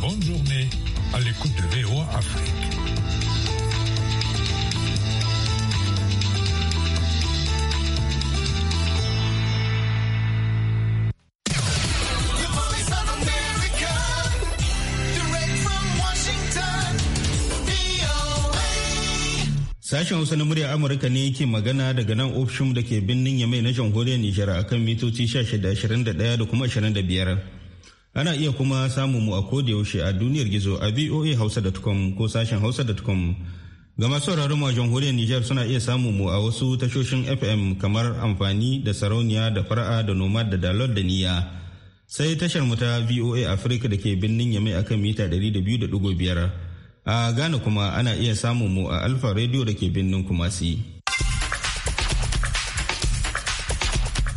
bonne journée à l'écoute de VOA Afrique. Sashen Hausa na murya Amurka ne yake magana daga nan ofishin da ke birnin Yamai na jamhuriyar Nijar akan mitoci 16, 21 da kuma 25. Ana iya kuma samun mu a koda yaushe a duniyar gizo a voa hausa.com ko sashen hausa.com. Ga masu sauraron a jamhuriyar Nijar suna iya samun mu a wasu tashoshin FM kamar amfani da sarauniya da fara'a da nomad da dalot da niya Sai tashar mu ta VOA Afirka da ke birnin Yamai akan mita ɗari da 200.5. A Ghana kuma ana iya samun mu a Alfa rediyo da ke birnin Kumasi.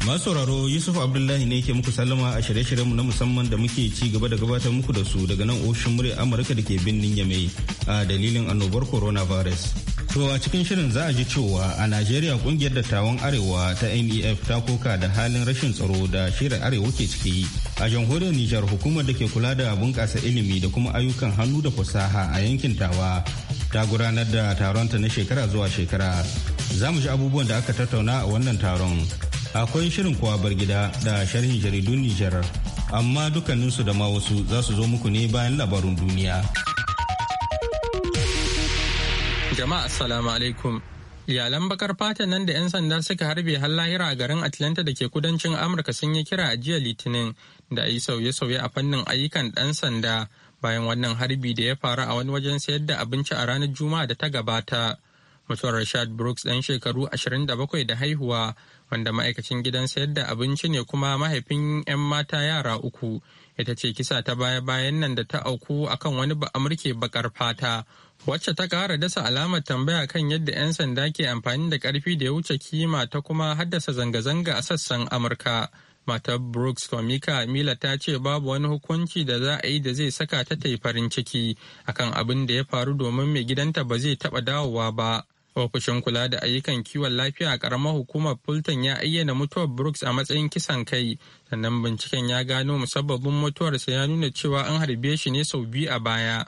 Masu sauraro Yusuf Abdullahi ne ke muku sallama a shirye-shiryenmu na musamman da muke ci gaba da gabatar muku da su daga nan ofishin murya Amurka da ke birnin Yamai a dalilin annobar coronavirus. To a cikin shirin za a ji cewa a Najeriya kungiyar dattawan Arewa ta NEF ta koka da halin rashin tsaro da shirin Arewa ke ciki. A jamhuriyar Nijar hukumar da ke kula da bunƙasa ilimi da kuma ayyukan hannu da fasaha a yankin Tawa ta gudanar da taronta na shekara zuwa shekara. Za mu ji abubuwan da aka tattauna a wannan taron. akwai shirin kowa bar gida da sharhin jaridun Nijar amma dukkaninsu da ma wasu za su zo muku ne bayan labarun duniya. Jama'a assalamu alaikum. Iyalan bakar fata nan da 'yan sanda suka harbe har lahira a garin Atlanta da ke kudancin Amurka sun yi kira a jiya Litinin da a yi sauye-sauye a fannin ayyukan ɗan sanda bayan wannan harbi da ya faru a wani wajen sayar da abinci a ranar Juma'a da ta gabata. mutuwar Rashad Brooks ɗan shekaru 27 da haihuwa wanda ma'aikacin gidan sayar da abinci ne kuma mahaifin 'yan mata yara uku ita ce kisa ta baya-bayan nan da ta auku akan wani amurke bakar fata wacce ta kara dasa alamar tambaya kan yadda 'yan sanda ke amfani da karfi da ya wuce kima ta kuma haddasa zanga-zanga a sassan amurka matar brooks komika mila ta ce babu wani hukunci da za a yi da zai saka ta ta farin ciki akan abin da ya faru domin mai gidanta ba zai taba dawowa ba Ofishin kula da ayyukan kiwon lafiya a ƙaramar hukumar Fulton ya ayyana mutuwar Brooks a matsayin kisan kai, sannan binciken ya gano musabbabin mutuwarsa ya nuna cewa an harbe shi ne sau biyu a baya.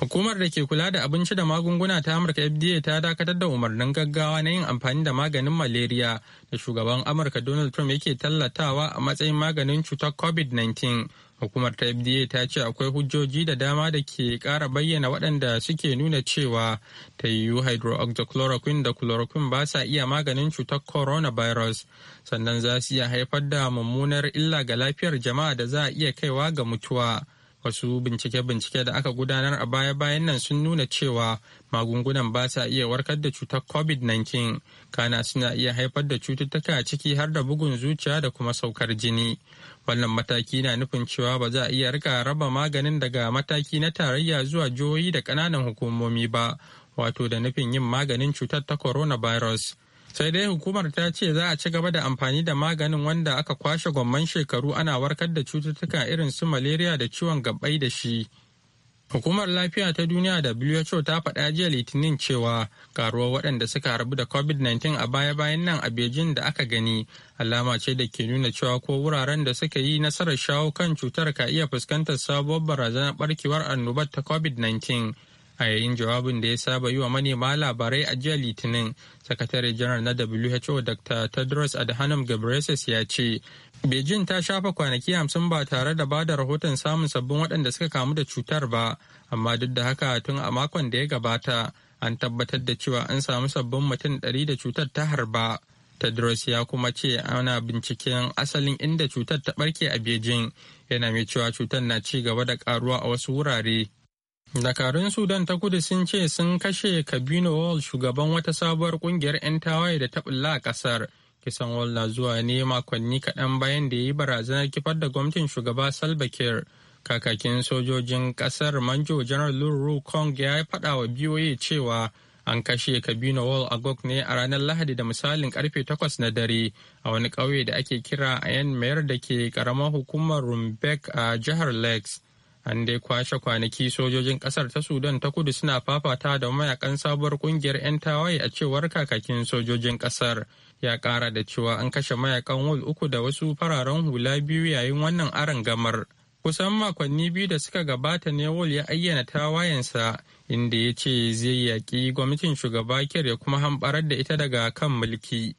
Hukumar da ke kula da abinci da magunguna ta Amurka FDA ta dakatar da umarnin gaggawa na yin amfani da maganin malaria da shugaban Amurka Donald Trump yake tallatawa a matsayin maganin cutar COVID-19 Hukumar ta FDA ta ce akwai hujjoji da dama da ke kara bayyana waɗanda suke nuna cewa ta yiwu hydroxychloroquine da chloroquine ba sa iya maganin cutar coronavirus sannan za su iya haifar da mummunar illa ga lafiyar jama'a da za a iya kaiwa ga mutuwa. Wasu bincike-bincike da aka gudanar a baya-bayan nan sun nuna cewa magungunan ba sa iya warkar da cutar COVID-19, kana suna iya haifar da cututtuka ciki har da bugun zuciya da kuma saukar jini. Wannan mataki na nufin cewa ba za a iya rika raba maganin daga mataki na tarayya zuwa jihohi da ƙananan hukumomi ba, wato da nufin yin maganin cutar ta coronavirus. sai dai hukumar ta ce za a ci gaba da amfani da maganin wanda aka kwashe gwamman shekaru ana warkar da cututtuka irin su malaria da ciwon gabbai da shi hukumar lafiya ta duniya da who ta faɗa jiya litinin cewa karuwar waɗanda suka harbu da covid-19 a baya-bayan nan a beijing da aka gani alama ce da ke nuna cewa ko wuraren da suka yi nasarar shawo kan cutar ka iya fuskantar sabuwar barazanar barkewar annobar ta covid-19 a yayin jawabin da ya saba yi wa manema labarai a jiya litinin sakatare janar na who dr tedros adhanom ghebreyesus ya ce beijing ta shafa kwanaki hamsin ba tare da bada rahoton samun sabbin waɗanda suka kamu da cutar ba amma duk da haka tun a makon da ya gabata an tabbatar da cewa an samu sabbin mutum ɗari da cutar ta harba tedros ya kuma ce ana binciken asalin inda cutar ta ɓarke a beijing yana mai cewa cutar na ci gaba da karuwa a wasu wurare Dakarun Sudan ta kudu sun ce sun kashe Kabino Wall shugaban wata sabuwar kungiyar 'yan tawaye da ta bulla a kasar. Kisan Wall na zuwa ne makonni kaɗan bayan da ya yi barazanar kifar da gwamnatin shugaba Salva Kiir. Kakakin sojojin kasar Manjo General Luru Kong ya yi faɗa wa BOA cewa an kashe Kabino Wall a Gok ne a ranar Lahadi da misalin karfe 8 na dare a wani ƙauye da ake kira yan Mayar da ke ƙaramar hukumar Rumbek a jihar Lakes. an dai kwashe kwanaki sojojin kasar ta sudan ta kudu suna fafata da mayakan sabuwar kungiyar 'yan tawaye a cewar kakakin sojojin kasar ya kara da cewa an kashe mayakan wul uku da wasu fararen hula biyu yayin wannan aron gamar kusan makonni biyu da suka gabata ne wul ya ayyana tawayensa inda ya ce zai yaƙi gwamnatin shugaba kir ya kuma hamɓarar da ita daga kan mulki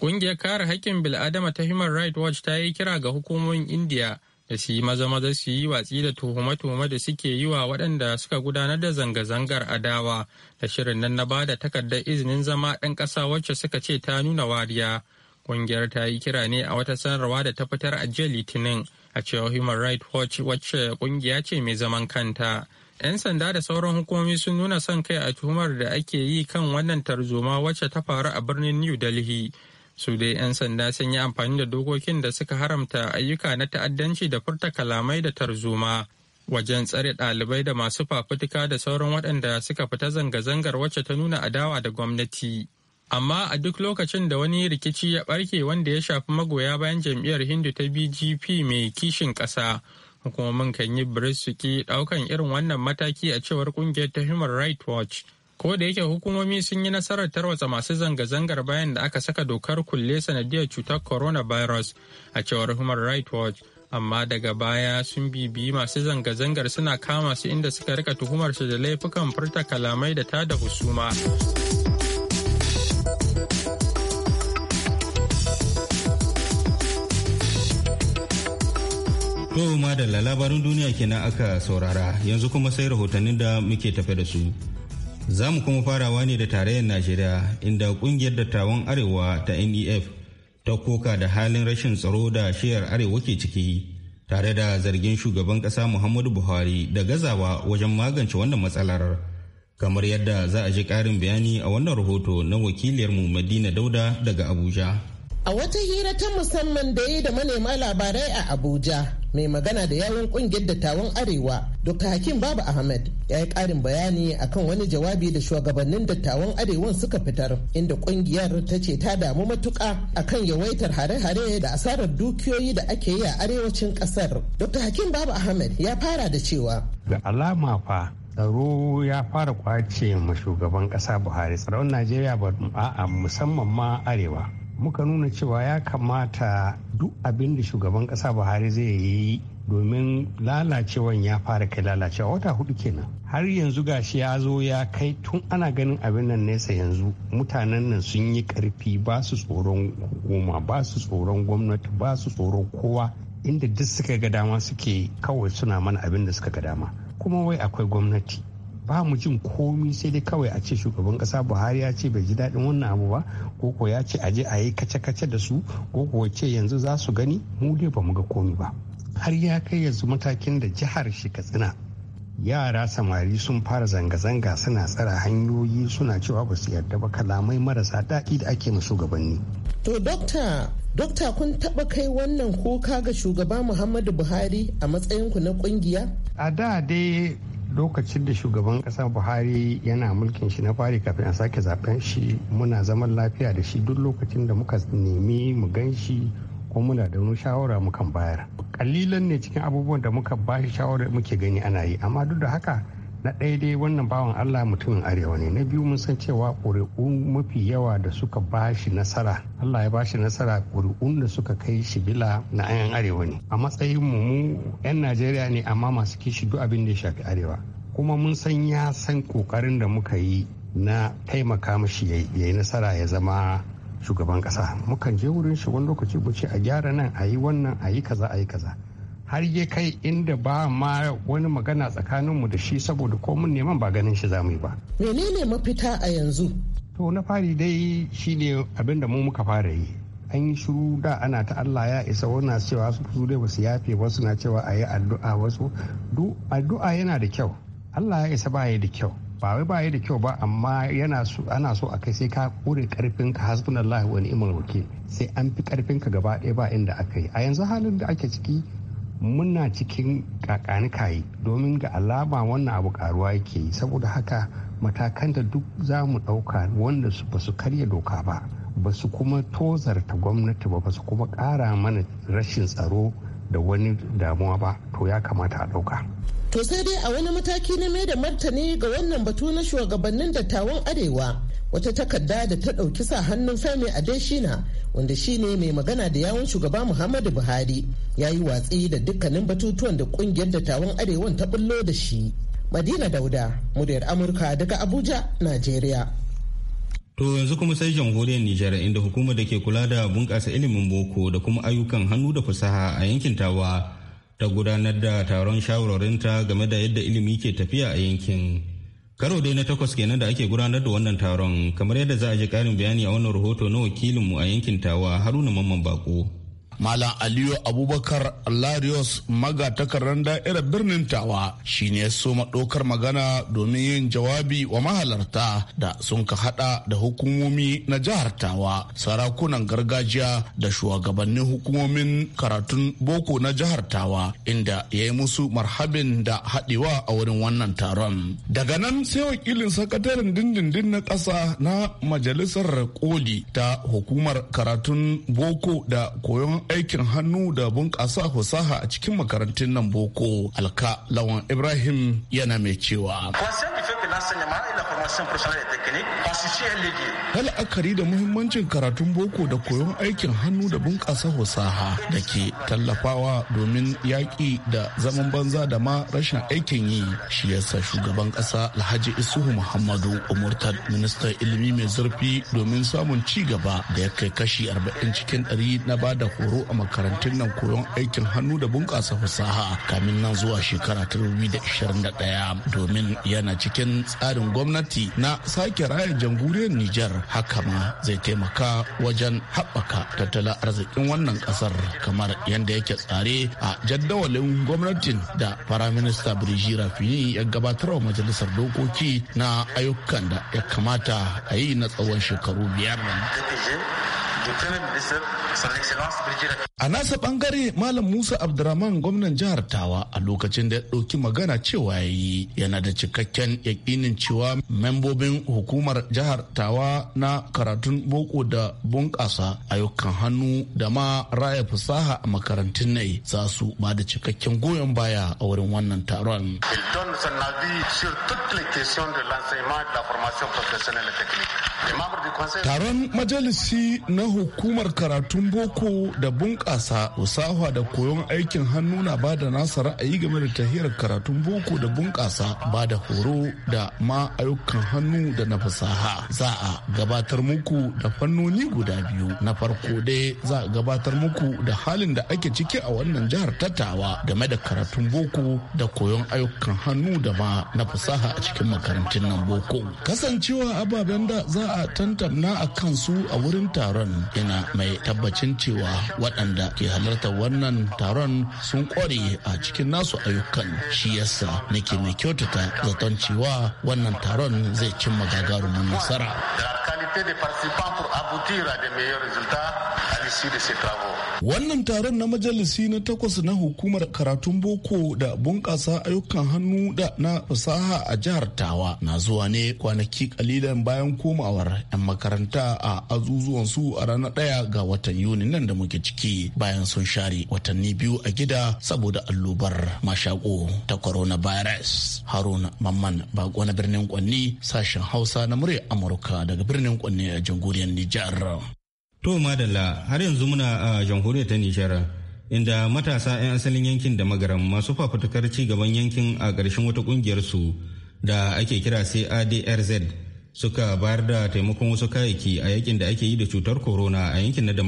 Ƙungiyar kare haƙƙin bil'adama ta Human Rights Watch ta yi kira ga hukumomin India da su yi maza maza su yi watsi da tuhume-tuhume da suke yi wa waɗanda suka gudanar da zanga-zangar adawa da shirin nan na bada takardar izinin zama ɗan ƙasa wacce suka ce ta nuna wariya ƙungiyar ta yi kira ne a wata sanarwa da ta fitar a jiya litinin a cewa human rights watch wacce ƙungiya ce mai zaman kanta 'yan sanda da sauran hukumomi sun nuna son kai a tuhumar da ake yi kan wannan tarzoma wacce ta faru a birnin new delhi su dai 'yan sanda sun yi amfani da dokokin da suka haramta ayyuka na ta'addanci da furta kalamai da tarzoma wajen tsare ɗalibai da masu fafutuka da sauran waɗanda suka fita zanga-zangar wacce ta nuna adawa da gwamnati. Amma a duk lokacin da wani rikici ya ɓarke wanda ya shafi magoya bayan jam'iyyar Hindu ta BGP mai kishin ƙasa, hukumomin kan yi birisuki ɗaukan irin wannan mataki a cewar ƙungiyar ta Human Rights Watch ko da yake hukumomi sun yi nasarar tarwatsa masu zanga-zangar bayan da aka saka dokar kulle sanadiyar cutar coronavirus a cewar human rights watch amma daga baya sun bibiyi masu zanga-zangar suna kama su inda suka rika tuhumarsu da laifukan furta kalamai da tada husuma. To da labarin duniya kenan aka saurara yanzu kuma sai rahotannin da muke tafe da su. Za mu kuma farawa ne da tarayyar Najeriya inda kungiyar dattawan Arewa ta NEF ta koka da halin rashin tsaro da shiyar Arewa ke ciki tare da zargin shugaban ƙasa Muhammadu Buhari da gazawa wajen magance wannan matsalar. Kamar yadda za a ji ƙarin bayani a wannan rahoto na wakiliyarmu Madina Dauda daga Abuja. A wata hira ta musamman da yi da manema labarai a Abuja, mai magana da yawon kungiyar dattawan Arewa, Dr. Hakim Babu Ahmed ya yi ƙarin bayani akan wani jawabi da shugabannin dattawan Arewan suka fitar, inda kungiyar ta ce ta damu matuƙa akan yawaitar hare-hare da asarar dukiyoyi da ake yi a arewacin ƙasar. Dr. Hakim Babu Ahmed ya fara da cewa. Da alama fa tsaro ya fara kwace shugaban ƙasa Buhari tsaron Najeriya ba a'a musamman ma Arewa. muka nuna cewa ya kamata duk abin da shugaban ƙasa buhari zai yi domin lalacewan ya fara kai lalacewa wata hudu kenan har yanzu gashi ya zo ya kai tun ana ganin abin nan nesa yanzu mutanen nan sun yi karfi ba su tsoron hukuma ba su tsoron gwamnati ba su tsoron kowa inda duk suka ga dama suke kawai suna mana abin da suka ga dama kuma wai akwai gwamnati ba mu jin komi sai dai kawai a ce shugaban kasa buhari ya ce bai ji daɗin wannan abu ba ko ko ya ce aje a yi kace-kace da su ko ko ce yanzu za su gani mu dai ba mu ga komi ba har ya kai yanzu matakin da jihar shi katsina yara samari sun fara zanga-zanga suna tsara hanyoyi suna cewa ba su yarda ba kalamai marasa daɗi da ake ma shugabanni. To dokta, dokta kun taɓa kai wannan ko ga shugaba Muhammadu Buhari a matsayinku na ƙungiya? A da dai lokacin da shugaban kasa buhari yana mulkin shi na fari kafin a sake zaben shi muna zaman lafiya da shi duk lokacin da muka nemi mu gan shi ko muna da wani shawara mukan bayar kalilan ne cikin abubuwan da muka bashi shi shawara muke gani ana yi amma duk da haka na ɗaya dai wannan bawan allah mutumin arewa ne na biyu mun san cewa ƙuri'u mafi yawa da suka ba shi nasara allah ya ba shi nasara ƙuri'un da suka kai shi bila na ayan arewa ne a matsayin mu mu 'yan najeriya ne amma masu kishi duk abin da ya shafi arewa kuma mun san ya san ƙoƙarin da muka yi na taimaka mashi ya yi nasara ya zama shugaban ƙasa mukan je wurin shi wani lokaci mu ce a gyara nan a yi wannan a yi kaza a yi kaza har ya kai inda ba ma wani magana tsakaninmu da shi saboda ko neman ba ganin shi zamu yi ba. Menene mafita a yanzu? To na fari dai shine abin da mu muka fara yi. An yi shiru da ana ta Allah ya isa wana cewa su su dai basu yafe wasu na cewa a yi addu'a wasu. Addu'a yana da kyau. Allah ya isa ba ya da kyau. ba wai ba da kyau ba amma yana so ana so a kai sai ka kure karfin ka hasbunallahi wani ni'mal wakil sai an fi karfin ka gaba ɗaya ba inda aka yi a yanzu halin da ake ciki muna cikin kakanikayi domin ga alama wannan abu karuwa yake yi saboda haka matakan da duk za mu ɗauka wanda ba su karya doka ba ba su kuma tozarta gwamnati ba ba su kuma ƙara mana rashin tsaro da wani damuwa ba to ya kamata a ɗauka. To sai dai a wani mataki na mai da martani ga wannan batu na shugabannin dattawan Arewa wata takarda da ta ɗauki sa hannun femi adeshina wanda shine mai magana da yawon shugaba muhammadu buhari ya yi watsi da dukkanin batutuwan da kungiyar dattawan arewan ta bullo da shi madina dauda muryar amurka daga abuja nigeria To yanzu kuma sai jamhuriyar Nijar inda hukumar da ke kula da bunƙasa ilimin boko da kuma ayyukan hannu da fasaha a yankin tawa ta gudanar da taron shawarorinta game da yadda ilimi ke tafiya a yankin. Karo dai na takwas kenan da ake gudanar da wannan taron kamar yadda za a ji karin bayani a wannan rahoto na wakilinmu a yankin tawa Haruna Mamman Bako. Malam Aliyu Abubakar Larios maga takarar da'irar birnin Tawa shi ne so maɗokar magana domin yin jawabi wa mahalarta da sun ka hada da hukumomi na jihar Tawa, sarakunan gargajiya da shugabannin hukumomin karatun boko na jihar Tawa inda ya yi musu marhabin da haɗewa a wurin wannan taron. Daga nan sai wakilin sakataren dindindin na ƙasa na majalisar koli ta hukumar karatun boko da koyon aikin hannu da bunƙasa fasaha a cikin makarantun nan boko alka lawan ibrahim yana mai cewa Hal la'akari da muhimmancin karatun boko da koyon aikin hannu da bunƙasa fasaha da ke tallafawa domin yaƙi da zaman banza da ma rashin aikin yi shi yasa shugaban ƙasa Alhaji Isuhu Muhammadu umurtar ministan ilimi mai zurfi domin samun ci gaba da ya kai kashi 40 cikin 100 na bada horo a makarantun nan koyon aikin hannu da bunƙasa fasaha kamin nan zuwa shekara ta 2021 domin yana cikin tsarin gwamnati na sake raya jamhuriyar Nijar haka ma zai taimaka wajen haɓaka tattalin arzikin wannan ƙasar kamar yadda yake tsare a jaddawalin gwamnatin da Firaminista Birji Rafini ya gabatar wa majalisar dokoki na ayyukan da ya kamata a yi na tsawon shekaru biyar. a nasa bangare malam musa abdurrahman gwamnan jihar tawa a lokacin da ya ɗauki magana cewa yi yana da cikakken yakinin cewa membobin hukumar jihar tawa na karatun boko da bunƙasa ayyukan hannu da ma raya fasaha a makarantun nai za su ba da cikakken goyon baya a wurin wannan taron Il donne son avis sur toutes les questions de l'enseignement, de la formation professionnelle et technique. Taron majalisi na hukumar karatun boko da bunƙasa usawa da koyon aikin hannu na ba da nasa ra'ayi game da tahiyar karatun boko da bunƙasa ba da horo da ma ayyukan hannu da na fasaha. Za a gabatar muku da fannoni guda biyu. Na farko dai za a gabatar muku da halin da ake ciki a wannan jihar tattawa game da karatun boko da koyon ayyukan hannu da ma na fasaha a cikin makarantun nan boko. Kasancewa ababen da za a tantanna a kansu a wurin taron yana mai tabbacin cewa waɗanda ke halartar wannan taron sun ƙware a cikin nasu ayyukan shi yasa nake mai kyautata zaton cewa wannan taron zai cimma gagarumin nasara. da Wannan taron na majalisi na takwas na hukumar karatun boko da bunƙasa ayyukan hannu da na fasaha a jihar Tawa na zuwa ne kwanaki kalilan bayan komawar 'yan makaranta a azuzuwan su a ranar ɗaya ga watan Yuni nan da muke ciki bayan sun share watanni biyu a gida saboda allobar mashako ta coronavirus. Haruna Mamman bako na birnin Kwanni sashen Hausa na murya Amurka daga birnin Kwanni a jamhuriyar Nijar. To madalla har yanzu muna a jamhuriyar ta Nijar inda matasa 'yan asalin yankin da magaram masu fafutukar ci gaban yankin a ƙarshen wata ƙungiyar su da ake kira CADRZ suka bayar da taimakon wasu kayayyaki a yakin da ake yi da cutar corona a yankin na da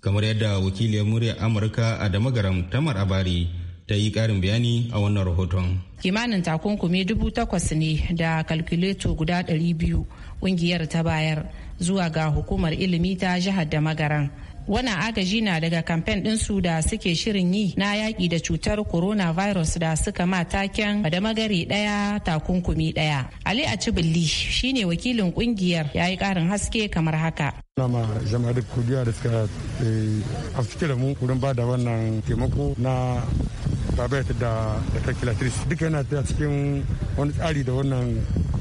kamar yadda wakiliyar muryar Amurka a da Tamar Abari ta yi ƙarin bayani a wannan rahoton. Kimanin takunkumi dubu takwas ne da kalkuleto guda ɗari biyu ƙungiyar ta bayar. zuwa ga hukumar ilimi ta jihar da magaran wannan agaji na daga kamfen ɗinsu da suke shirin yi na yaƙi da cutar coronavirus da suka ma taken da magari ɗaya takunkumi ɗaya ali a shine wakilin ƙungiyar ya yi ƙarin haske kamar haka nama jama'a da kudiya da suka cike eh, da mu wurin ba da wannan taimako na babet da da calculatrice duka yana ta cikin wani tsari da wannan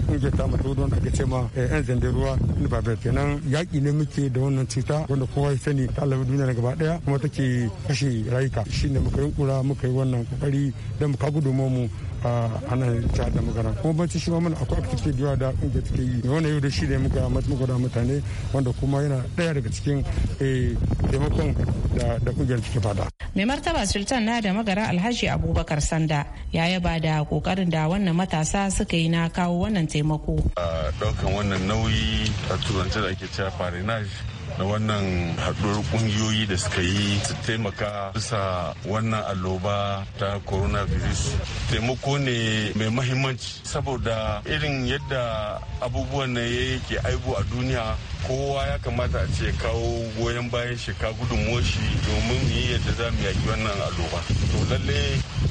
kungiyar ta mata wadon ake ce ma eh, yan zandar ruwa na babet kenan yaƙi ne muke da wannan cuta wanda kowa ya sani ta alamu duniya gaba daya kuma take kashe rayuka shine muka yi kura muka yi wannan kokari don mu ka mu. a hana ta da magana kuma banci shi ma mana akwai activity da da take yi wannan yau da shi ne muka muka da mutane wanda kuma yana daya daga cikin eh, taimakon da da kungiyar take fada mai martaba sultan na da magara alhaji abubakar sanda ya yaba da kokarin da wannan matasa suka yi na kawo wannan taimako a daukan wannan nauyi a turanci da ake cewa farinage da wannan haɗuwar ƙungiyoyi da suka yi su taimaka bisa wannan alloba ta coronavirus taimako ne mai mahimmanci saboda irin yadda abubuwan na yake aibu a duniya kowa ya kamata a ce kawo goyon bayan sheka gudun shi domin yi yadda za mu yaki wannan alloba to lalle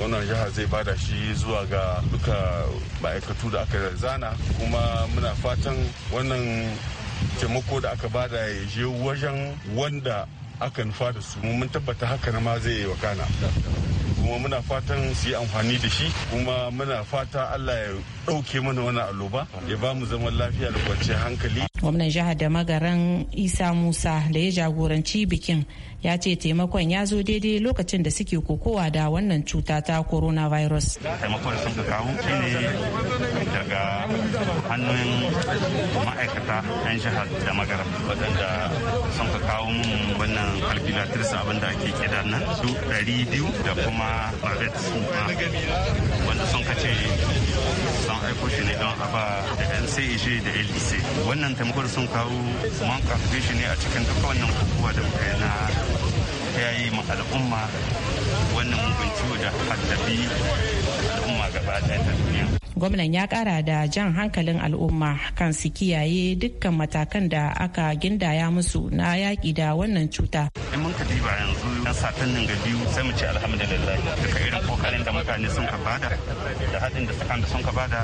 wannan jihar zai bada shi zuwa ga duka ma'aikatu da aka zana kuma muna fatan wannan taimako da aka bada ya je wajen wanda aka nufa da su mun tabbata haka na ma zai yi wa wakana kuma muna fatan su yi amfani da shi kuma muna fata allah ya ɗauke mana wani alloba ya ba mu zaman lafiya da kwanciyar hankali gwamnan jihar da magaran isa musa da ya jagoranci bikin ya ce taimakon ya zo daidai lokacin da suke kokowa da wannan cuta ta coronavirus. taimakon da sun ka kawo ne daga hannun ma'aikata 'yan jihar da magara waɗanda sun ka kawo mun wannan calculatrice abin da ake kira nan su ɗari biyu da kuma babet wanda sun ka ce sun aiko shi ne don a e da ncag da lec wannan taimakon sun kawo man kafin shi ne a cikin duka wannan kokowa da muka na ta yi ma al'umma wannan mugun ciwo da haddabi al'umma gaba ɗaya ta duniya. Gwamnan ya kara da jan hankalin al'umma kan su kiyaye dukkan matakan da aka gindaya musu na yaƙi da wannan cuta. In mun ka diba yanzu yan satannin ga biyu sai mu ce alhamdulillah duka irin kokarin da mutane sun ka bada da haɗin da sakan da sun ka bada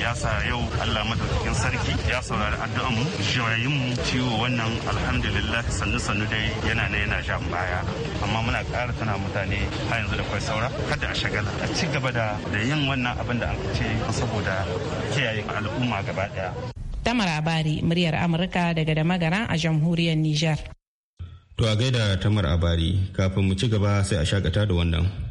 ya sa yau Allah madaukakin sarki ya saurari addu'an mu shirayin mu ciwo wannan alhamdulillah sannu sannu dai yana ne yana jan baya amma muna ƙara tana mutane har yanzu da kwai saura kada a shagala a ci gaba da da yin wannan abin da an ce saboda kiyaye al'umma gaba daya Tamar Abari, muryar Amurka daga da a jamhuriyar Nijar. To a gaida tamar abari kafin mu ci gaba sai a shakata da wannan.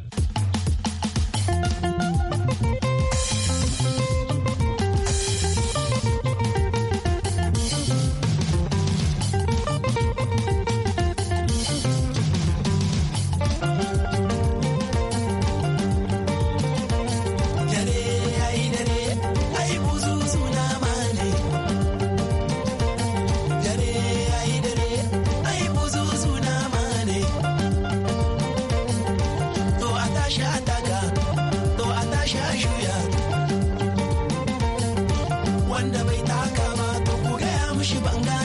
wanda bai taka ba to ku gaya mushi banga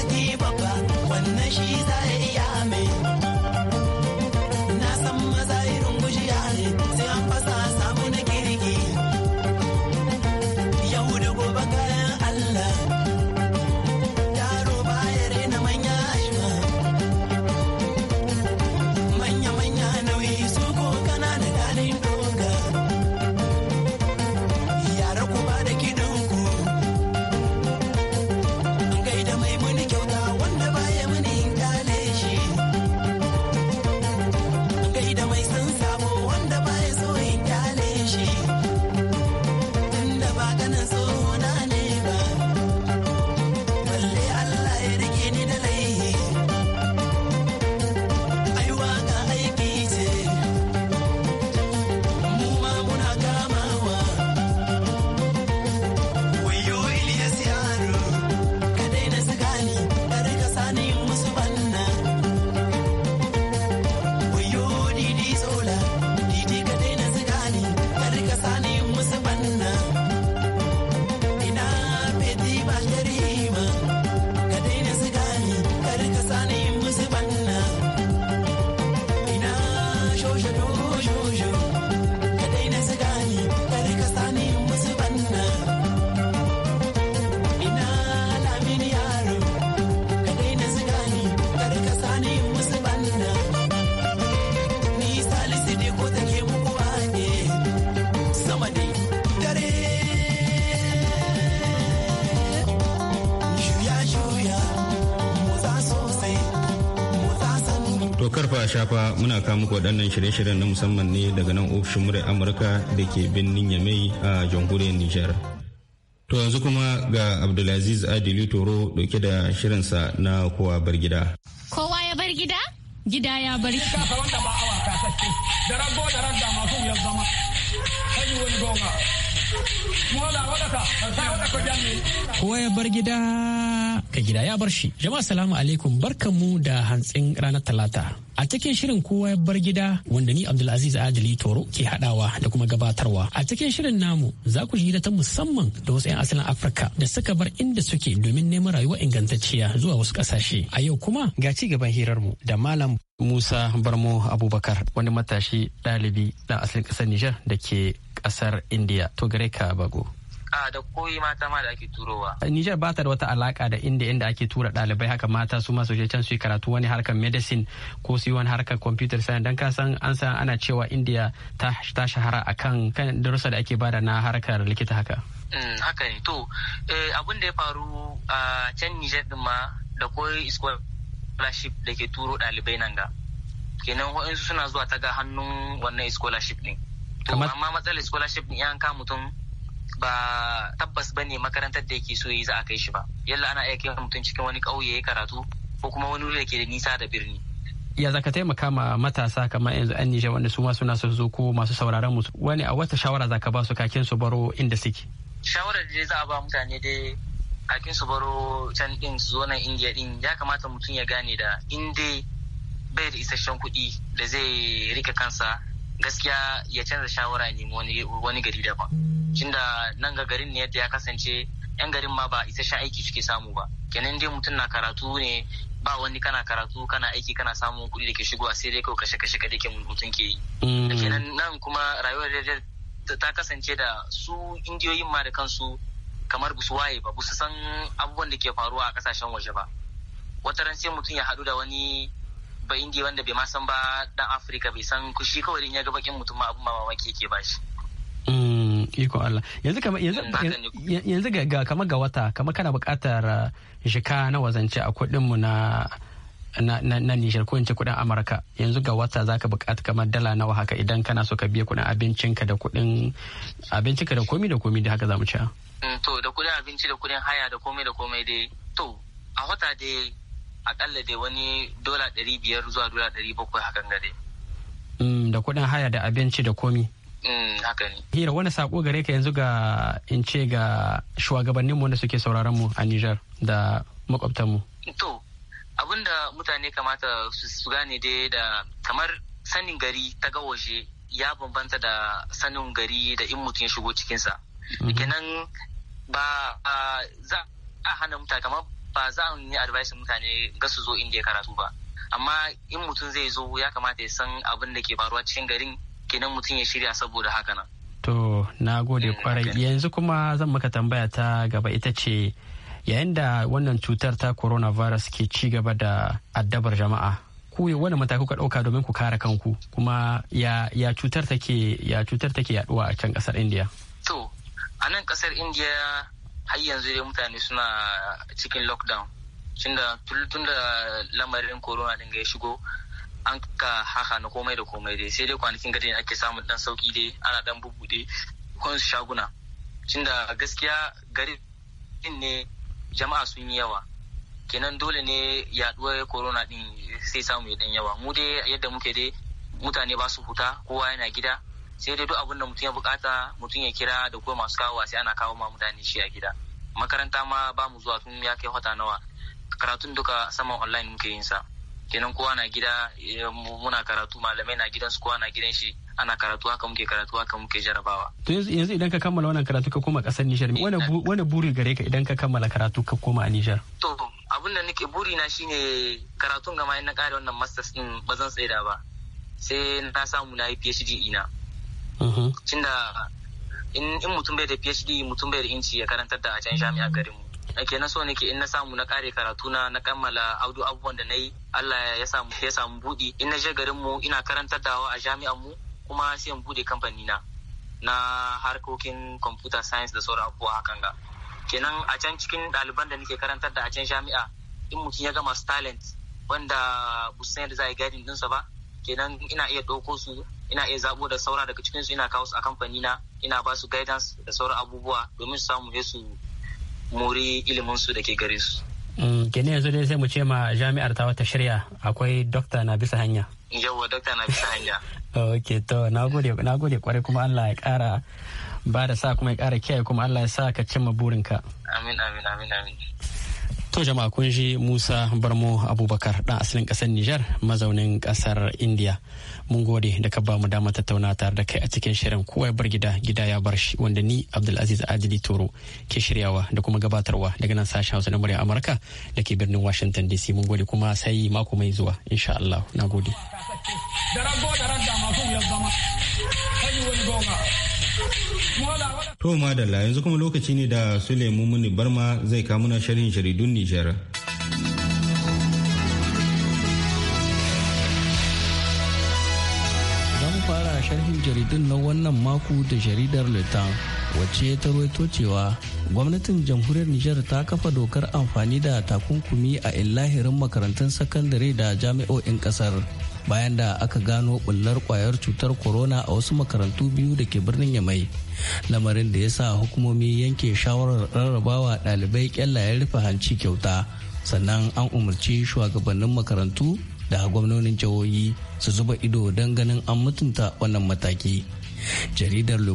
sarki babba wannan shi za fa muna kawo muku waɗannan shirye-shiryen na musamman ne daga nan ofishin murai Amurka da ke birnin Yamai a jamhuriyar Nijar. To yanzu kuma ga Abdulaziz Adili Toro dauke da shirinsa na kowa bar gida. Kowa ya bar gida? Gida ya bar gida. Kowa ya bar gida ka gida ya bar shi. Jama'a salamu alaikum barkamu da hantsin ranar talata. A cikin shirin kowa ya bar gida wanda ni Abdulaziz Adili Toro ke haɗawa da kuma gabatarwa. A cikin shirin namu za ku ji ta musamman da wasu 'yan asalin Afirka da suka bar inda suke domin neman rayuwa ingantacciya zuwa wasu kasashe. A yau kuma ga ci gaban hirarmu da Malam Musa Barmo Abubakar wani matashi ɗalibi na asalin ƙasar Nijar da ke kasar india to gare ka bago a da koyi mata ma da ake turowa. Nijar ba ta da wata alaka da inda inda ake tura ɗalibai haka mata su ma su je can su yi karatu wani harkar medicine ko su yi wani harkar computer science dan kasan an san ana cewa India ta shahara a kan darussa da ake bada na harkar likita haka. Mm, haka ne to eh, abin da ya faru a can Nijar din ma da koyi scholarship da ke turo ɗalibai nan ga. Kenan waɗansu suna zuwa ta ga hannun wannan scholarship ne. to amma matsalar scholarship ne an kama mutum ba tabbas ba ne makarantar da yake so yi za a kai shi ba yalla ana iya kai mutum cikin wani ƙauye ya karatu ko kuma wani wuri da ke da nisa da birni ya za ka taimaka ma matasa kamar yanzu an nisha wanda su ma suna son zo ko masu sauraron musu wani a wata shawara za ka ba su kakin su baro inda suke shawarar da za a ba mutane dai kakin su baro can din su zo nan indiya din ya kamata mutum ya gane da inda bai da isasshen kuɗi da zai rika kansa gaskiya ya canza shawara ne wani gari daban tunda nan ga garin ne yadda ya kasance yan garin ma ba isasshen aiki suke samu ba kenan dai mutum na karatu ne ba wani kana karatu kana aiki kana samun kuɗi da ke shigowa sai dai kawai kashe kashe kaɗai ke mutum ke yi mm. kenan nan kuma rayuwar ta kasance da su indiyoyin ma da kansu kamar busu waye ba busu san abubuwan da ke faruwa a kasashen waje ba wata ran sai mutum ya haɗu da wani ba indiya wanda bai ma san ba dan afirka bai san kushi kawai ya ga bakin mutum ma abun mamaki yake ba shi hmm, iko Allah yanzu kamar yanzu ga kamar ga wata kamar kana buƙatar uh, shika na wazance a kuɗin mu na na na nishar ko ince kuɗin Amurka yanzu ga wata zaka buƙata kamar dala nawa haka idan kana so ka biya kuɗin abincinka da kuɗin abincinka da komi da komi da haka zamu ci hmm, to da kudin abinci da kudin haya da komai da komai dai to a wata dai akalla dai wani dola ɗari biyar zuwa dola ɗari bakwai hakan gare. Mm, da kuɗin haya da abinci da komi. Mm, haka ne. Hira wani sako gare ka yanzu ga in ce ga mu wanda suke sauraron mu a Nijar da mu. To, abin da mutane kamata su gane dai da kamar sanin gari ta gawaje ya bambanta da sanin gari da in mutum ya shigo cikinsa. Mhm. Kenan ba za a hana mutane kamar ba za mu yi advice mutane ga su zo inda ya karatu ba amma in mutum zai zo ya kamata ya san abin da ke faruwa cikin garin kenan mutum ya shirya saboda haka nan to na gode eh, kwarai yanzu kuma zan maka tambaya ta gaba ita ce yayin da wannan cutar ta coronavirus ke ci gaba da addabar jama'a ku wani mataki ka ɗauka domin ku kare kanku kuma ya, cutar take ya cutar a can kasar india to a nan kasar india har yanzu dai mutane suna cikin lockdown tunda tun da lamarin corona din ya shigo an ka haka na komai da komai dai sai dai kwanakin gadi ake samun dan sauki dai ana dan bubuɗe kun shaguna tunda gaskiya gari ne jama'a sun yi yawa kenan dole ne yaduwar corona din sai samu ya dan yawa mu dai yadda muke dai mutane ba su huta kowa yana gida sai dai duk abin da mutum ya bukata mutum ya kira da kuma masu kawowa sai ana kawo ma mutane shi a gida makaranta ma ba mu zuwa tun ya kai wata nawa karatun duka saman online muke yin sa kenan kowa na gida eh, muna karatu malamai na gidan su kowa na gidan shi ana karatu haka muke karatu haka muke jarabawa to yanzu idan ka kammala wannan karatu ka koma kasar Nijar wani buri gare ka idan ka kammala karatu ka koma a Nijar to abin da nake buri na shine karatun gama na kare wannan masters din ba zan tsaida ba sai na samu na yi PhD ina Mm-hmm. tunda in mutum bai da phd mutum bai da inci ya karantar da a can jami'a garin mu ake na so nake in na samu na kare karatu na na kammala audu abubuwan da na yi Allah ya samu ya samu budi in na je garin mu ina karantar dawa a jami'an mu kuma sai in bude kamfani na na harkokin computer science da sauran abubuwa hakan ga kenan a can cikin ɗaliban da nake karantar da a can jami'a in mutum ya gama talent wanda busan da za a yi gadin dinsa ba kenan ina iya ɗauko su ina iya zabo da saura daga cikin su ina kawo su a kamfani na ina ba su guidance da sauran abubuwa domin su samu su muri ilimin su da ke gare su Gini mm, yanzu dai sai mu ce ma jami'ar ta wata shirya akwai dokta na bisa hanya yawwa dokta na bisa hanya ok to na gode na gode kwarai kuma Allah ya kara ba da sa kuma ya kara kiyaye kuma Allah ya sa ka cimma burinka amin amin amin amin To jama'a kun ji Musa Barmo Abubakar ɗan asalin ƙasar Nijar mazaunin ƙasar India. Mun gode da ka ba mu dama tattauna tare da kai a cikin shirin kowa ya bar gida gida ya bar shi wanda ni Abdulaziz Adili Toro ke shiryawa da kuma gabatarwa daga nan sashen Hausa na murya Amurka da ke birnin Washington DC. Mun gode kuma sai mako mai zuwa insha Allah. Na gode. To madalla yanzu kuma lokaci ne da Suleiman Muni Barma zai kamuna shirin jaridun Nijar. fara sharhin jaridun na wannan mako da jaridar Leta wacce ta rawaito cewa gwamnatin jamhuriyar Nijar ta kafa dokar amfani da takunkumi a illahirin makarantun sakandare da jami'o'in kasar bayan da aka gano bullar kwayar cutar corona a wasu makarantu biyu da ke birnin yamai lamarin da ya sa hukumomi yanke shawarar rarrabawa ɗalibai ya rufe hanci kyauta sannan an umarci shugabannin makarantu da gwamnonin jihohi su zuba ido don ganin an mutunta wannan mataki jaridar le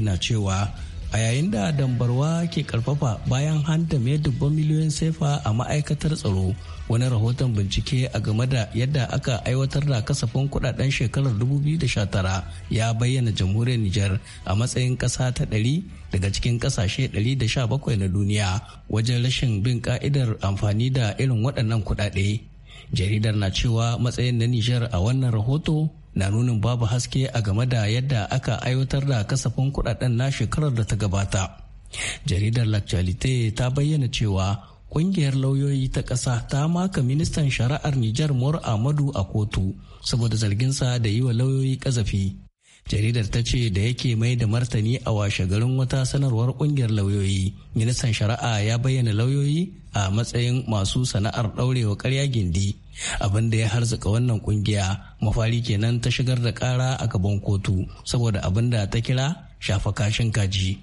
na cewa a yayin da dambarwa ke karfafa bayan handame dubban miliyoyin sefa a ma'aikatar tsaro wani rahoton bincike a game da yadda aka aiwatar da kasafin kudaden shekarar 2019 ya bayyana jamhuriyar Nijar a matsayin kasa ta 100 daga cikin kasashe 117 na duniya wajen rashin bin ka'idar amfani da irin waɗannan kudade. Jaridar na cewa matsayin na Nijar a wannan rahoto na nunin babu haske a game da yadda aka aiwatar da kasafin kudaden na shekarar da ta gabata jaridar l'actualité ta bayyana cewa kungiyar lauyoyi ta ƙasa ta maka ministan shari'ar Nijar Mor Amadu a kotu saboda zarginsa da yi wa lauyoyi ƙazafi. Jaridar ta ce da yake mai da martani a washe garin wata sanarwar kungiyar lauyoyi, ministan shari'a ya bayyana lauyoyi a matsayin masu sana'ar ɗaurewa karya gindi abin da ya harzuka wannan kungiya mafari kenan ta shigar da kara a gaban kotu saboda abin da ta kira shafa kashin kaji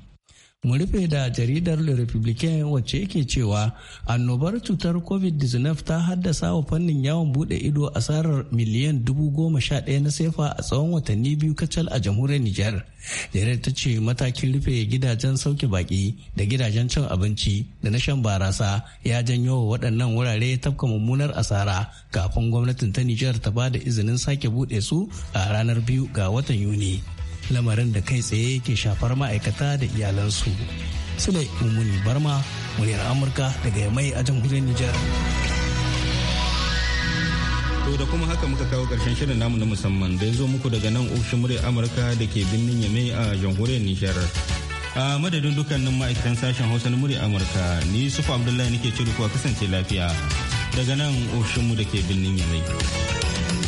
Mu rufe da jaridar Le republican wacce yake cewa annobar cutar COVID-19 ta haddasa wa fannin yawon bude ido asarar miliyan 11,000 na sefa a tsawon watanni biyu kacal a jamhuriyar Nijar. Jaridar ta ce matakin rufe gidajen sauke baki da gidajen cin abinci da na shan barasa ya janyo wa waɗannan wurare tafka mummunar asara kafin gwamnatin ta Nijar ta ba da izinin sake bude su a ranar biyu ga watan Yuni. lamarin da kai tsaye ke shafar ma'aikata da iyalansu sule mummuni barma muryar amurka daga yamai a jamhuriyar nijar To da kuma haka muka kawo karshen shirin namu na musamman da ya zo muku daga nan ofishin muryar Amurka da ke birnin Yamai a jamhuriyar Nijar. A madadin dukkanin ma'aikatan sashen Hausa na muryar Amurka ni Sufa Abdullahi nake ce kuwa kasance lafiya daga nan ofishinmu da ke birnin Yamai.